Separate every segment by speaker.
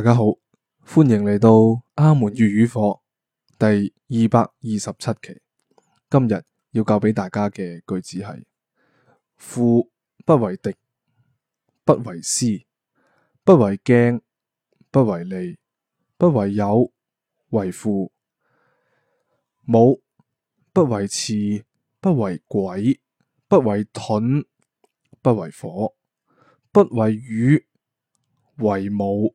Speaker 1: 大家好，歡迎嚟到阿門粵語課第二百二十七期。今日要教俾大家嘅句子係：父不為敵，不為師，不為鏡，不為利，不為友，為父；母不為池，不為軌，不為盾，不為火，不為乳，為母。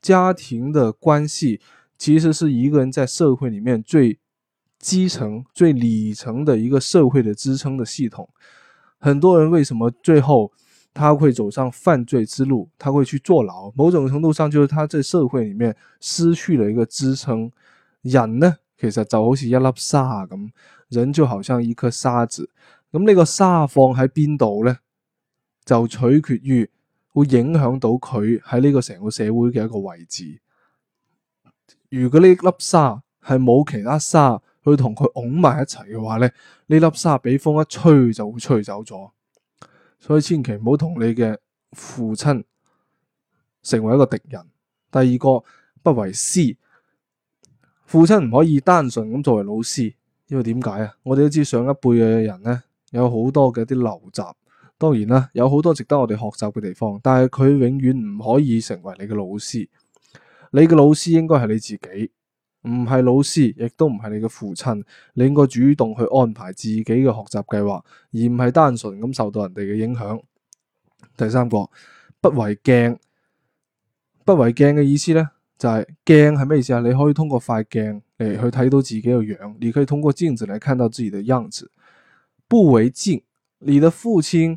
Speaker 1: 家庭的關係其實是一個人在社會裏面最基層、最裏層的一個社會的支撐的系統。很多人為什麼最後他會走上犯罪之路，他會去坐牢？某種程度上就是他在社會裏面失去了一個支撐。人呢，其實就好似一粒沙咁，人就好像一顆沙子咁，呢個沙放喺邊度呢？就取決於。會影響到佢喺呢個成個社會嘅一個位置。如果呢粒沙係冇其他沙去同佢拱埋一齊嘅話咧，呢粒沙俾風一吹就會吹走咗。所以千祈唔好同你嘅父親成為一個敵人。第二個不為師，父親唔可以單純咁作為老師。因為點解啊？我哋都知上一輩嘅人咧，有好多嘅啲陋習。當然啦，有好多值得我哋學習嘅地方，但係佢永遠唔可以成為你嘅老師。你嘅老師應該係你自己，唔係老師，亦都唔係你嘅父親。你應該主動去安排自己嘅學習計劃，而唔係單純咁受到人哋嘅影響。第三個不為鏡，不為鏡嘅意思呢，就係鏡係咩意思啊？你可以通過塊鏡嚟，去睇到自己嘅樣，你可以通過鏡子嚟看到自己嘅樣子。不為鏡，你的父親。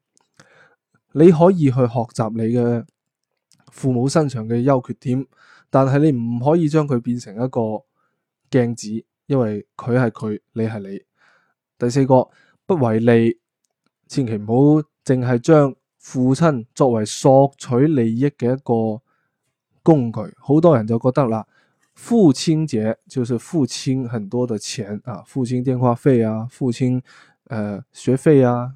Speaker 1: 你可以去學習你嘅父母身上嘅優缺點，但係你唔可以將佢變成一個鏡子，因為佢係佢，你係你。第四個，不為利，千祈唔好淨係將父親作為索取利益嘅一個工具。好多人就覺得啦，父親者就是付清很多嘅錢啊，付清電話費啊，付清誒學費啊。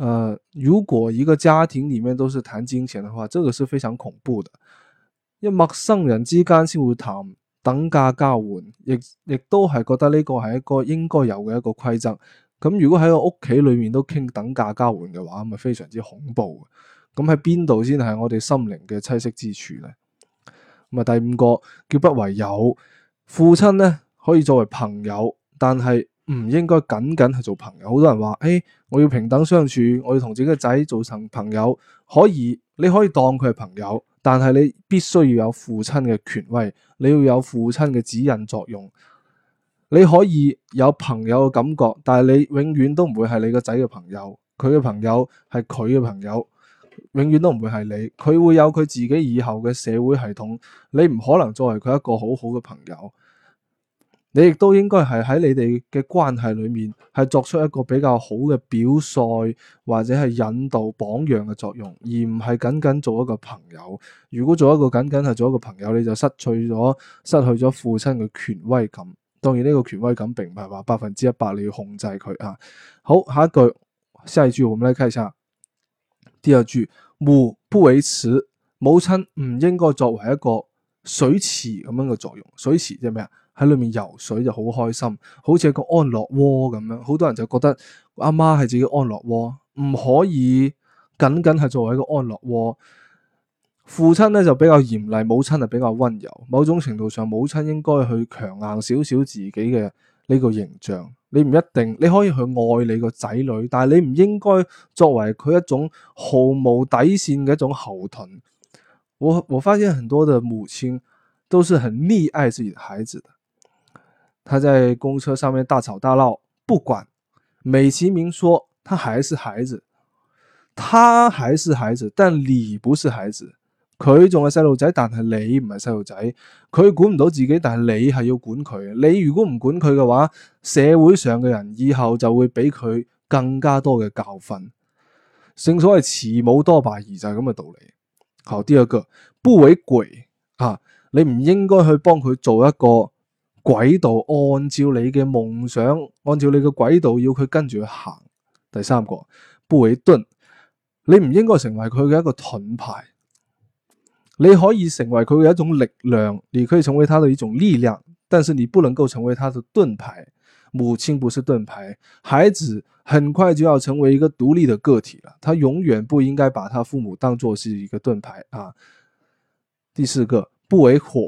Speaker 1: 呃，如果一個家庭裏面都是談金錢嘅話，這個是非常恐怖的。因為陌生人之間先會談，等價交換，亦亦都係覺得呢個係一個應該有嘅一個規則。咁、嗯、如果喺個屋企裏面都傾等價交換嘅話，咁咪非常之恐怖。咁喺邊度先係我哋心靈嘅棲息之處呢？咁、嗯、啊，第五個叫不為友。父親呢，可以作為朋友，但係，唔應該僅僅係做朋友，好多人話，誒，我要平等相處，我要同自己嘅仔做成朋友，可以，你可以當佢係朋友，但係你必須要有父親嘅權威，你要有父親嘅指引作用。你可以有朋友嘅感覺，但係你永遠都唔會係你個仔嘅朋友。佢嘅朋友係佢嘅朋友，永遠都唔會係你。佢會有佢自己以後嘅社會系統，你唔可能作為佢一個好好嘅朋友。你亦都應該係喺你哋嘅關係裏面，係作出一個比較好嘅表率，或者係引導榜樣嘅作用，而唔係僅僅做一個朋友。如果做一個僅僅係做一個朋友，你就失去咗失去咗父親嘅權威感。當然呢個權威感，並唔係話百分之一百你要控制佢啊。好，下一句，下一句，我們來看一下第二句，母不為池，母親唔應該作為一個水池咁樣嘅作用。水池即係咩啊？喺裏面游水就好開心，好似一個安樂窩咁樣。好多人就覺得阿媽係自己安樂窩，唔可以僅僅係作為一個安樂窩。父親咧就比較嚴厲，母親係比較溫柔。某種程度上，母親應該去強硬少少自己嘅呢個形象。你唔一定，你可以去愛你個仔女，但係你唔應該作為佢一種毫無底線嘅一種後盾。我我發現很多的母親都是很溺愛自己孩子的。他在公車上面大吵大鬧，不管，美其名說他還是孩子，他還是孩子，但你不是孩子，佢仲係細路仔，但係你唔係細路仔，佢管唔到自己，但係你係要管佢。你如果唔管佢嘅話，社會上嘅人以後就會俾佢更加多嘅教訓。正所謂慈母多敗兒就係咁嘅道理。好，第二個，不為軌啊，你唔應該去幫佢做一個。軌道，按照你嘅夢想，按照你嘅軌道，要佢跟住去行。第三個，不為盾，你唔應該成為佢嘅一個盾牌，你可以成為佢嘅一種力量，你可以成為他的一種力量，但是你不能夠成為他的盾牌。母親不是盾牌，孩子很快就要成為一個獨立的個體啦，他永遠不應該把他父母當做是一個盾牌啊。第四個，不為火。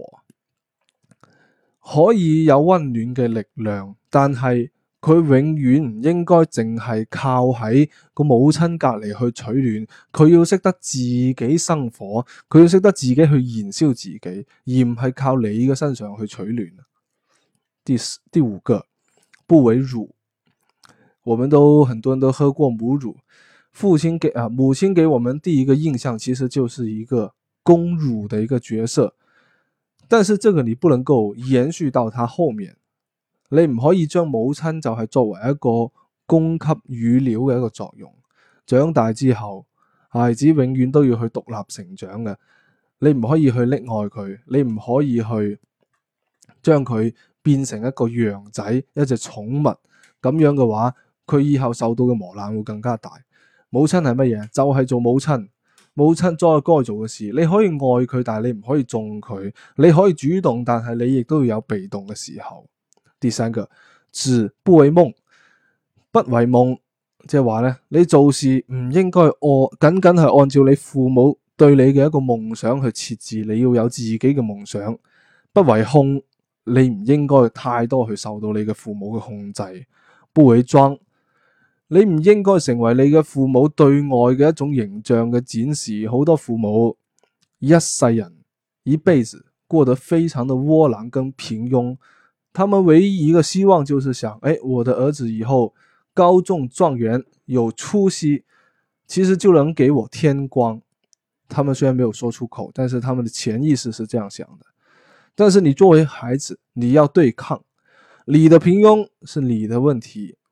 Speaker 1: 可以有溫暖嘅力量，但係佢永遠唔應該淨係靠喺個母親隔籬去取暖，佢要識得自己生火，佢要識得自己去燃燒自己，而唔係靠你嘅身上去取暖。第四、第五個，不為乳，我們都很多人都喝過母乳，父親給啊母親給我們第一個印象，其實就是一個供乳的一個角色。但是這個你不能夠延續到佢後面，你唔可以將母親就係作為一個供給乳料嘅一個作用。長大之後，孩子永遠都要去獨立成長嘅，你唔可以去溺愛佢，你唔可以去將佢變成一個羊仔，一隻寵物。咁樣嘅話，佢以後受到嘅磨難會更加大。母親係乜嘢？就係做母親。母親再該做嘅事，你可以愛佢，但係你唔可以縱佢。你可以主動，但係你亦都要有被動嘅時候。第三個，子不為夢，不為夢，即係話咧，你做事唔應該按僅僅係按照你父母對你嘅一個夢想去設置，你要有自己嘅夢想。不為控，你唔應該太多去受到你嘅父母嘅控制。不為妝。你唔應該成為你嘅父母對外嘅一種形象嘅展示。好多父母一世人以 b a 過得非常的窩囊跟平庸，他們唯一一個希望就是想：誒，我的兒子以後高中狀元有出息，其實就能給我天光。他們雖然沒有說出口，但是他們的潛意識是這樣想的。但是你作為孩子，你要對抗，你的平庸是你的問題。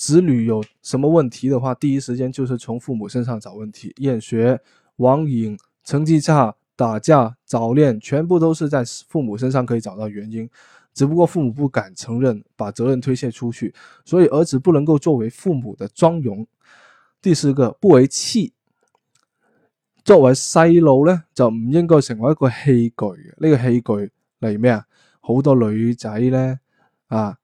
Speaker 1: 子女有什麼問題的話，第一時間就是從父母身上找問題。厭學、網癮、成績差、打架、早戀，全部都是在父母身上可以找到原因。只不過父母不敢承認，把責任推卸出去。所以兒子不能夠作為父母的妝容。第四個，不為器。作為細路呢，就唔應該成為一個器具嘅。呢個器具例如咩啊？好多女仔呢。啊。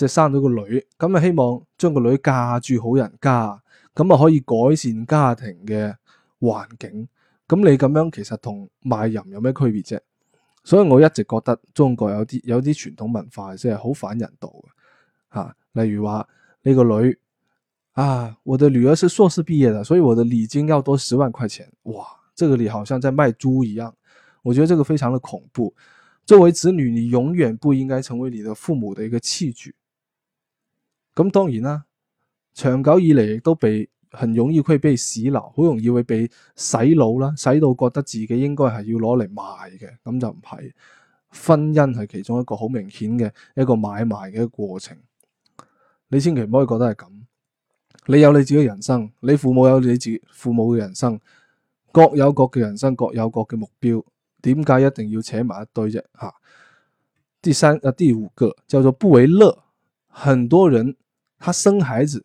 Speaker 1: 即生咗個女，咁啊希望將個女嫁住好人家，咁啊可以改善家庭嘅環境。咁你咁樣其實同賣人有咩區別啫？所以我一直覺得中國有啲有啲傳統文化即係好反人道嘅吓、啊。例如話呢個女啊，我的女兒是碩士畢業的，所以我的禮金要多十萬塊錢。哇，這個你好像在賣豬一樣。我覺得這個非常的恐怖。作為子女，你永遠不應該成為你的父母的一個器具。咁當然啦，長久以嚟亦都被很容易佢被屎好容易會被洗腦啦，洗到覺得自己應該係要攞嚟賣嘅，咁就唔係，婚姻係其中一個好明顯嘅一個買賣嘅過程。你千祈唔可以覺得係咁，你有你自己人生，你父母有你自己父母嘅人生，各有各嘅人生，各有各嘅目標。點解一定要扯埋一堆啫？吓、啊，第三啊，第五個叫做、就是、不為樂，很多人。他生孩子，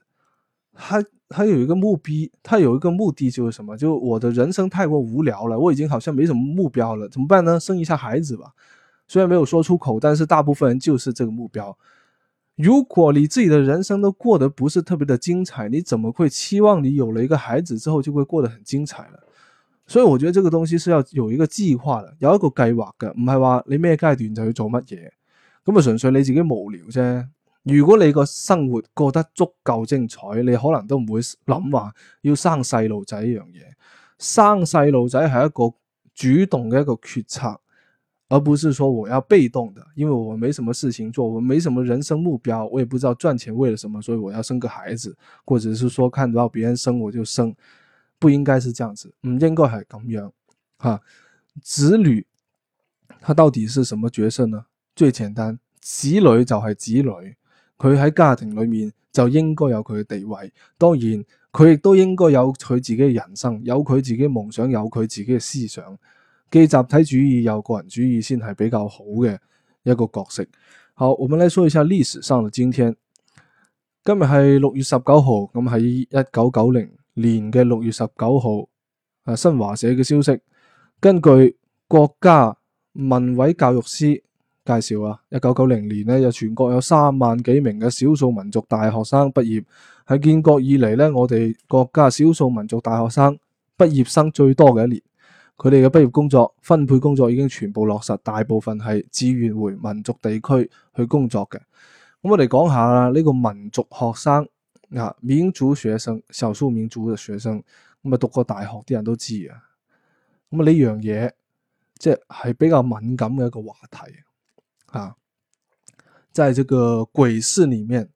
Speaker 1: 他他有一個目的，他有一個目的就是什麼？就我的人生太過無聊了，我已經好像沒什麼目標了，怎麼辦呢？生一下孩子吧。雖然沒有說出口，但是大部分人就是這個目標。如果你自己的人生都過得不是特別的精彩，你怎麼會期望你有了一個孩子之後就會過得很精彩呢？所以我覺得這個東西是要有一個計劃的。要有一個計劃嘅，唔係話你咩階段就要做乜嘢，咁啊，純粹你自己無聊啫。如果你個生活過得足夠精彩，你可能都唔會諗話、啊、要生細路仔呢樣嘢。生細路仔係一個主動嘅一個決策，而不是說我要被動的，因為我沒什麼事情做，我沒什麼人生目標，我也不知道賺錢為了什麼，所以我要生個孩子，或者是說看到別人生我就生，不應該是這樣子，唔應該係咁樣。、嗯、樣。吓、啊，子女，他到底是什麼角色呢？最簡單，子女就係子女。佢喺家庭裏面就應該有佢嘅地位，當然佢亦都應該有佢自己嘅人生，有佢自己夢想，有佢自己嘅思想，既集體主義又個人主義先係比較好嘅一個角色。好，我們來說一下歷史上的今天。今日係六月十九號，咁喺一九九零年嘅六月十九號，啊，新華社嘅消息，根據國家文委教育司。介紹啊！一九九零年咧，有全國有三萬幾名嘅少數民族大學生畢業，喺建國以嚟咧，我哋國家少數民族大學生畢業生最多嘅一年。佢哋嘅畢業工作分配工作已經全部落實，大部分係志願回民族地區去工作嘅。咁我哋講下啦，呢、這個民族學生啊，民族學生，少數民族嘅學生，咁啊讀過大學啲人都知啊。咁啊呢樣嘢，即係比較敏感嘅一個話題。啊，在這個鬼市裏面，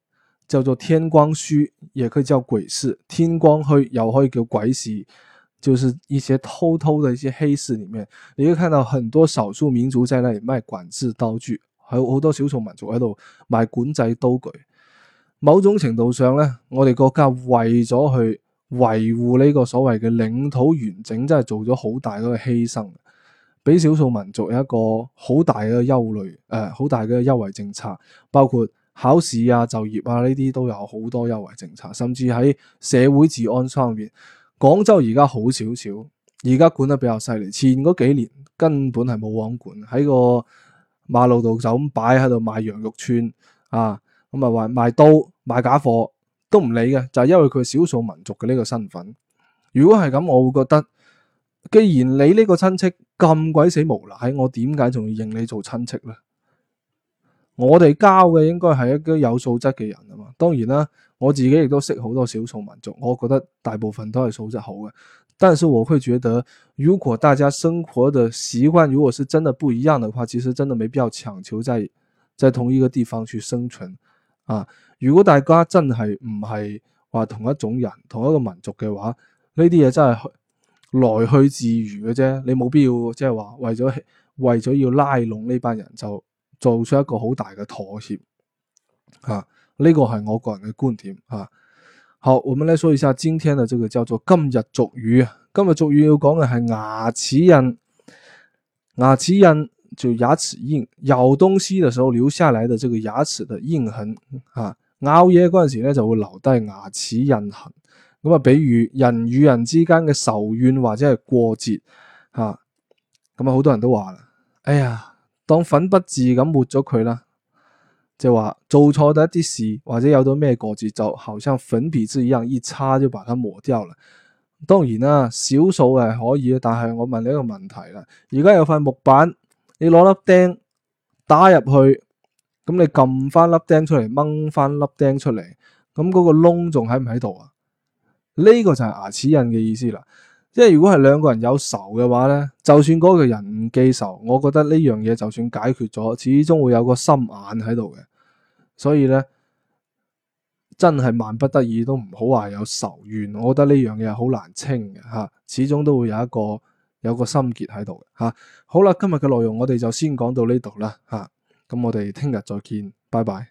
Speaker 1: 叫做天光墟，也可以叫鬼市，天光墟，又可以叫鬼市，就是一些偷偷的一些黑市裏面，你會看到很多少數民族在那裏賣管制刀具，好多少數民族喺度賣管制刀具。某種程度上呢，我哋國家為咗去維護呢個所謂嘅領土完整，真係做咗好大個犧牲。俾少數民族有一個好大嘅憂慮，誒、呃，好大嘅優惠政策，包括考試啊、就業啊呢啲都有好多優惠政策，甚至喺社會治安方面，廣州而家好少少，而家管得比較犀利。前嗰幾年根本係冇網管，喺個馬路度就咁擺喺度賣羊肉串啊，咁啊話賣刀賣假貨都唔理嘅，就係、是、因為佢少數民族嘅呢個身份。如果係咁，我會覺得。既然你呢個親戚咁鬼死無賴，我點解仲要認你做親戚呢？我哋交嘅應該係一啲有素質嘅人啊嘛。當然啦，我自己亦都識好多少數民族，我覺得大部分都係素質好嘅。但是我會覺得，如果大家生活的習慣，如果是真的不一樣嘅話，其實真的沒必要強求在在同一個地方去生存啊。如果大家真係唔係話同一種人、同一個民族嘅話，呢啲嘢真係。來去自如嘅啫，你冇必要即係話為咗為咗要拉攏呢班人就做出一個好大嘅妥協啊！呢個係我個人嘅觀點啊。好，我們呢，說一下今天嘅這個叫做今日俗語啊。今日俗語要講嘅係牙齒印，牙齒印就牙齒印，咬東西嘅時候留下嚟的這個牙齒嘅印痕啊。咬嘢嗰陣時咧就會留低牙齒印痕。啊咁啊，比如人與人之間嘅仇怨或者係過節，吓咁啊，好多人都話：哎呀，當粉筆字咁抹咗佢啦，就話做錯咗一啲事或者有到咩過節，就好像粉筆字一樣，一叉就把它磨掉了。當然啦、啊，少數係可以嘅，但係我問你一個問題啦：而家有塊木板，你攞粒釘打入去，咁你撳翻粒釘出嚟，掹翻粒釘出嚟，咁嗰個窿仲喺唔喺度啊？呢個就係牙齒印嘅意思啦，即係如果係兩個人有仇嘅話呢，就算嗰個人唔記仇，我覺得呢樣嘢就算解決咗，始終會有個心眼喺度嘅，所以呢，真係萬不得已都唔好話有仇怨，我覺得呢樣嘢好難清嘅吓，始終都會有一個有個心結喺度吓。好啦，今日嘅內容我哋就先講到呢度啦吓，咁我哋聽日再見，拜拜。